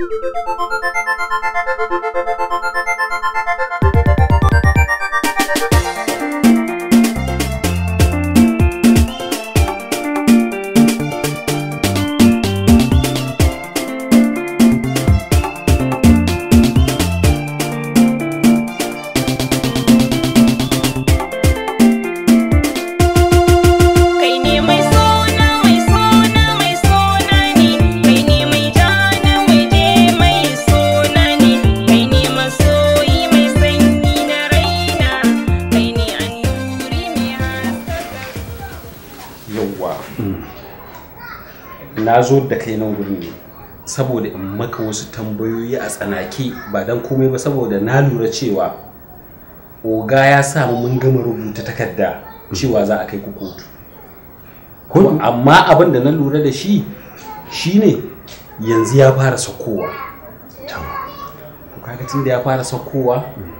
フフフフ。yauwa hmm. na zo da kai nan gurin ne saboda in maka wasu tambayoyi a tsanake ba dan komai ba saboda na lura cewa oga ya samu mun gama rubuta takarda hmm. cewa za a kai ku kotu amma abin da na lura da shi shine yanzu ya fara sakowa kaga tun da ya fara sakowa hmm.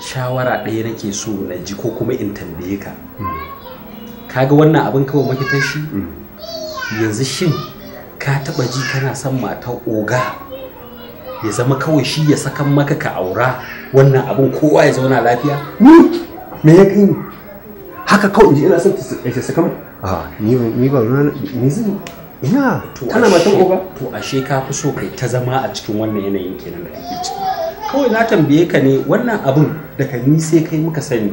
shawara ɗaya nake so na ji ko kuma in tambaye ka kaga wannan abin kawai mafitar shi mm. yanzu shin ka taba ji kana son mata oga ya zama kawai shi ya sakan maka ka aura wannan abin kowa ya zauna lafiya ni me ya kai haka kawai inji ina son ta saka mai a ni ba ruwa ni zan ina kana matan oga to ashe ka fi so kai ta zama a cikin wannan yanayin kenan da kake ciki kawai na tambaye ka ne wannan abin daga ni sai kai muka sani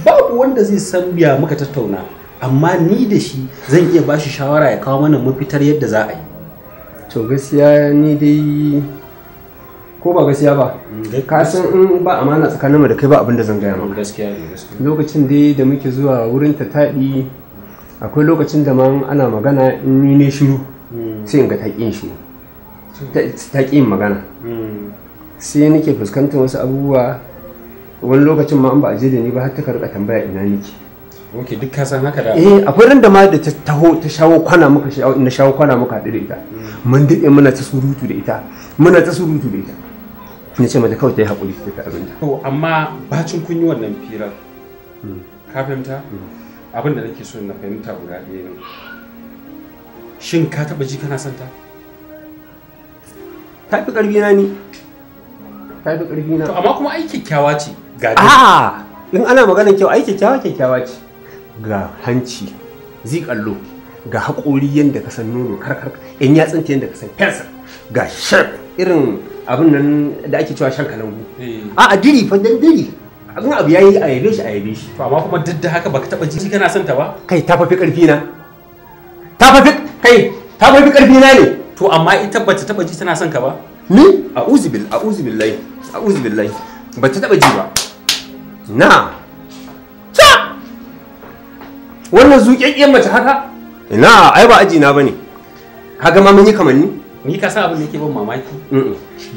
babu wanda zai san biya muka tattauna amma ni da shi zan iya ba shi shawara ya kawo mana mafitar yadda za a yi to gaskiya ni dai ko ba gaskiya ba mm, ka san in ba amana tsakaninmu da kai ba abin da zan gaya maka gaskiya lokacin dai da muke zuwa wurin ta taɗi akwai lokacin da man ana magana in ni ne shiru mm. sai in ga taƙin shi taƙin magana mm. sai nake fuskantar wasu abubuwa wani lokacin ma an ba a je da ni ba har ta karɓa tambaya ina nake ok duk ka san haka da eh akwai ran da ma da ta taho ta shawo kwana muka shawo na shawo kwana muka haɗu da ita mun dade muna ta surutu da ita muna ta surutu da ita ni ce mata kawai ta yi hakuri ta ta abinda. to amma bacin kun yi wannan firar hmm. ka fahimta hmm. abin da nake so na fahimta guda ɗaya ne shin ka taɓa ji kana santa ta fi ƙarfi na ni ta fi ƙarfi na to amma kuma ai kyakkyawa ce ga in ana maganar kyau ai kyakkyawa kyakkyawa ce ga hanci zikallo ga haƙori yadda ka san nono karkar in ya ta yadda ka san fensir ga sharp irin abin nan da ake cewa shan kalangu eh. a a diri fa dan diri abin abu yayi a yabe shi a yabe shi to amma kuma duk da haka baka taba ji kana son ta ba kai ta fafi karfi na ta fafi kai ta fafi karfi na ne to amma ita ta taba ji tana son ka ba ni a'udhu billahi a'udhu billahi a'udhu billahi ta taba ji ba na wannan zuƙaƙƙiyar mace haka ina ai ba aji na bane haka ma mun yi kamanni ni ka san abin da yake ban mamaki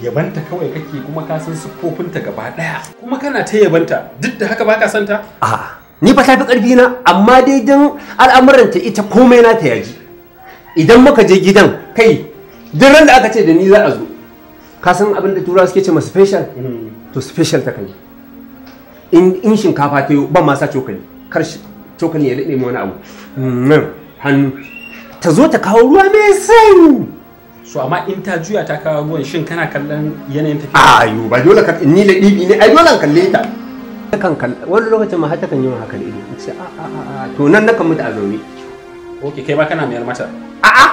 yabanta kawai kake kuma ka san siffofinta gaba daya kuma kana ta yabanta duk da haka baka santa a ni ba ta fi ƙarfi na amma dai dan al'amuranta ita komai na ta yaji idan muka je gidan kai duk ran da aka ce da ni za a zo ka san abin da turawa suke ce ma special mm. to special ta kai in shinkafa ta yi ban ma sa cokali cokali ya daɗe wani abu mm, hannu ta zo ta kawo ruwa mai sanyi so amma in ta juya ta kawo ruwan shin kana kallon yanayin tafiya ah, ayo ba dole ka ni da dibi ne ai dole kan kalle ta kan wani lokacin ma har ta kan yi haka da ido ce a a a to nan nakan mutu a zaune oke kai ba kana mayar mata a ah, a ah.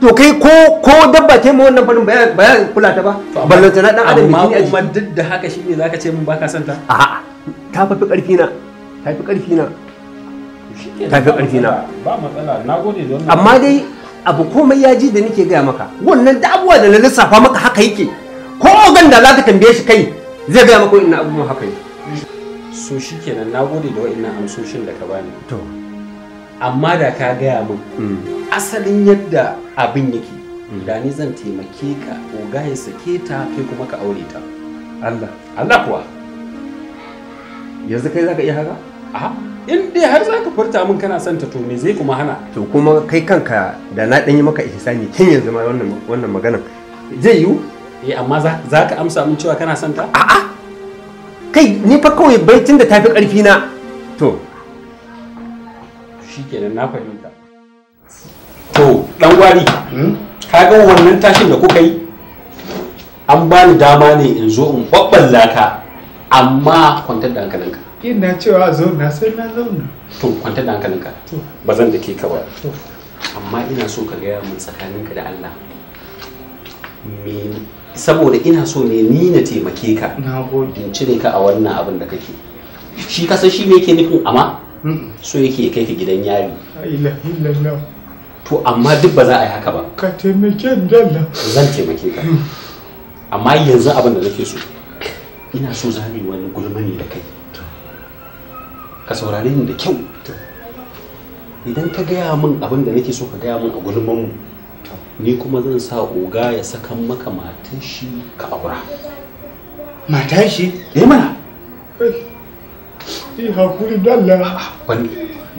to kai ko ko dabba kai ma wannan farin bayan kula ta ba ballanta na dan adam amma kuma duk da haka ne zaka ce mun baka santa a a ta fi karfi na ta fi karfi na tafi fi ƙarfi na ba matsala na gode da wannan amma dai abu komai ya ji da nake gaya maka wannan da abuwa da na lissafa maka haka yake ko ogan da za ka tambaye shi kai zai gaya maka abu abubuwan haka yake so shi na gode da wa'innan amsoshin da ka bani to amma da ka gaya min mm. asalin yadda abin yake mm. da ni zan taimake ka oga ya sake ta kai kuma ka aure ta Allah Allah kuwa yanzu kai zaka iya haka in dai har za ka furta min kana son ta to me zai kuma hana to kuma kai kanka da na yi maka ihsani tun yanzu ma wannan wannan maganan zai yiwu eh amma za ka amsa min cewa kana son ta a'a kai ni fa kawai bai da tafi ƙarfi na to shikenan na fahimta to dan gwari hmm? ka ga wannan tashin da kuka yi an bani dama ne in zo in babballa ka amma kwantar da hankalinka ina cewa na sai na zauna to kwanta da hankalinka ba zan da ka ba amma ina so ka gaya min tsakaninka da Allah saboda ina so ne ni na taimake ka in cire ka a wannan abin da kake shi san shi ne yake nufin amma so yake kai ka gidan yari to amma duk ba za a yi haka ba ka taimake dalla zan taimake ka mm. amma yanzu abin da nake so ina so za wani gulmani da kai ka saurare ni da kyau idan ka gaya min abin da nake so ka gaya min a mu ni kuma zan sa oga ya saka maka matan shi ka aura matan shi eh mana eh hakuri dalla ban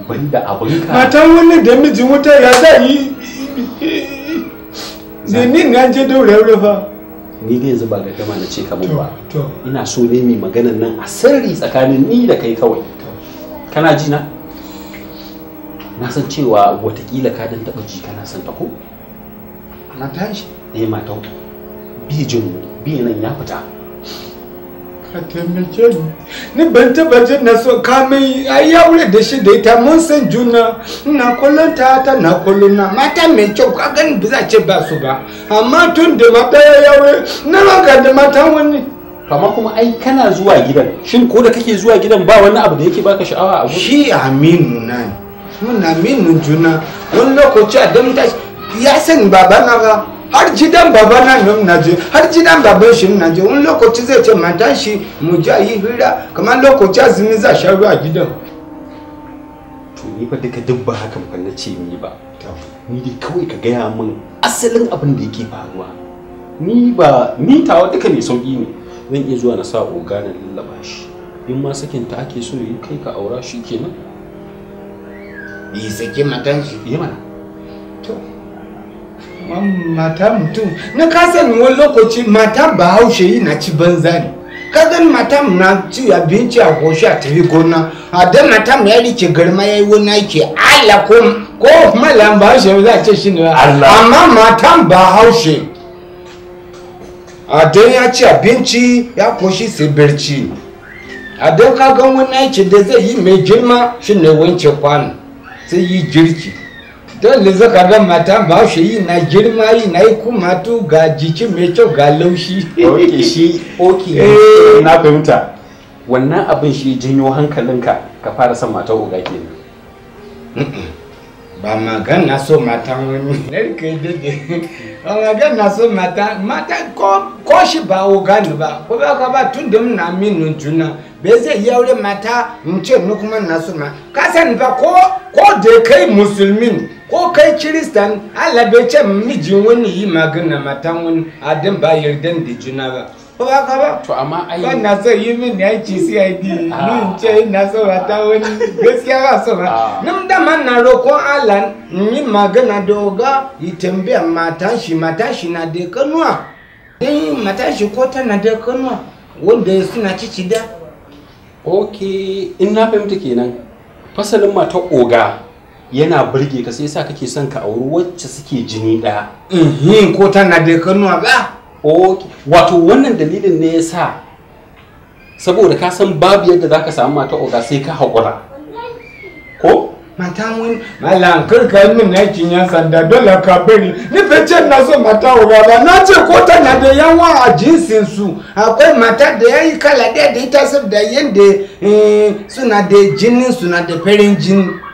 banda abin ka matan wannan da miji wuta ya za yi ni na je daure aure fa ni dai yanzu ba gama na ce kamar ba ina so ne mai maganan nan a sirri tsakanin ni da kai kawai kana ji na na san cewa watakila ka dan taba ji kana san ta ko ta shi eh mata bi jin bi nan ya fita ka taimake ni ni ban taba jin na so ka mai ai ya wure da shi da ita mun san juna ina kullun ta ta na kullun na mata mai kyau ka gani ba za ce ba su ba amma tun da mata ya wure na ga da mata wani kama kuma ai kana zuwa gidan shin ko da kake zuwa gidan ba wani abu da yake baka sha'awa a shi aminu na ne muna aminu juna wani lokaci a dan tashi ya san baba na ba har gidan baba na nan na je har gidan baban shi na je wani lokaci zai ce matan shi mu ja yi hira kamar lokaci azumi za sha ruwa gidan to ni fa duka duk ba hakan fa na ce ni ba ni dai kawai ka gaya min asalin abin da yake faruwa ni ba ni tawa duka ne sauki ne zan iya zuwa na sa oga na lallaba shi in ma sakin ta ake so yi kai ka aura shi kenan yi sake matan shi yi mana to mata mutum na kasan wani lokaci mata ba haushe yi na ci banza ne kagan mata na ci abinci a goshi a tafi gona a da mata ya rike garma ya yi wani ake ala ko ko malam ba haushe za a ce shi ne amma mata ba haushe a ya ci abinci ya koshi sai birci a ka ga wani aiki da zai yi mai girma shi ne wanke kwano sai yi girki don zaka ga mata ba shi yi na girma yi na yi kuma tu ga jiki mai kyau ga laushi oke shi oke eh, na fahimta wannan abin shi janyo hankalinka ka fara son matar uga kenan ba magana so matan wani na dede ba magana so matan matan ko shi ba o gani ba ko ba ka ba tun da muna minin juna bai zai yi aure mata in ni kuma na so ma ka sani ba ko ko da kai musulmin ko kai kiristan Allah bai ce miji wani yi magana matan wani adin ba yardan da juna ba ko ba ka ba to amma ai ban na so yi min aiki CID min ah. ce ina so ba ta wani gaskiya ba so ba ah. nan da man na roƙon Allah ni magana da yi tambaya matan shi matan shi na da kanuwa dan matan shi ko na da kanuwa wanda suna cici da ok in na fahimta kenan fasalin mata oga yana burge ka sai sa kake son ka auri wacce suke jini ɗaya. ko ta na da kanuwa ba okay. wato wannan dalilin ne ya sa saboda ka san babu yadda za ka samu mata oga sai ka haƙura ko mata wani malam karka min aikin yan sanda dole ka bari ni fice na so mata oga ba na ce ko tana da yawa a jinsin su akwai mata da yayi kala ɗaya da ita saboda yanda eh, suna da jinin suna da farin jini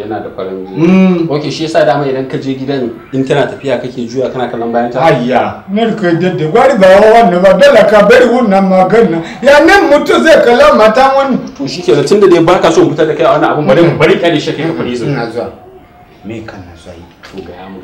yana da farin biyu mm. ok shi yasa dama idan ka je gidan in tana tafiya kake juya kana kallon bayan ta hayya ne ka dadda gwari ba wannan ba dala ka bari wannan magana ya nan mutu zai kalla mata wani to tun da dai ka so mu fita da kai a wannan abun bari bari kare shi kai ka fadi zuwa ina zuwa me kana zuwa to ga mu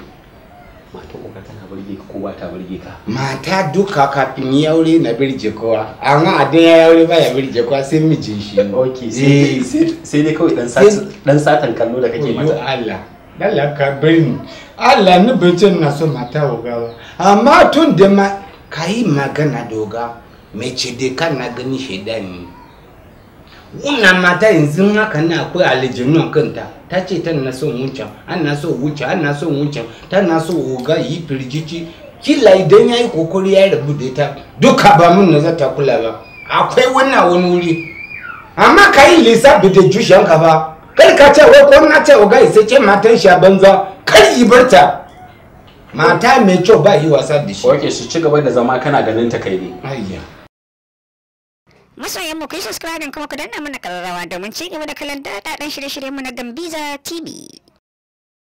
mata uka tana burge ka ko ba ta burge ka mata duka kafin ya aure na burge kowa amma a dan ya aure ba ya burge kowa sai mijin shi okay sai dai eh. kawai dan satan dan satan kallo da kake mata Allah Allah ka bin Allah ni bincin na so mata oga ba amma tun da ma ka yi magana doga oga mai ce dai kana gani shaidan ne wannan mata yanzu haka na akwai aljinnu kanta ta ce tana so wuce ana so wuce ana so wuce tana so oga yi firgici kila idan ya yi kokori ya rabu da ita duka ba mun na zata kula ba akwai wannan wani wuri amma ka yi lissafi da jushenka ba kar ka ce wai ko na ce oga isa ce matan shi a banza yi barta mata mai kyau ba yi wasa da shi ok su ci gaba da zama kana ganin ta kai ne masoyan mu ku subscribe kuma ku danna mana kararrawa domin ci gaba da kallon daɗaɗɗen shirye-shiryen mu na Gambiza TV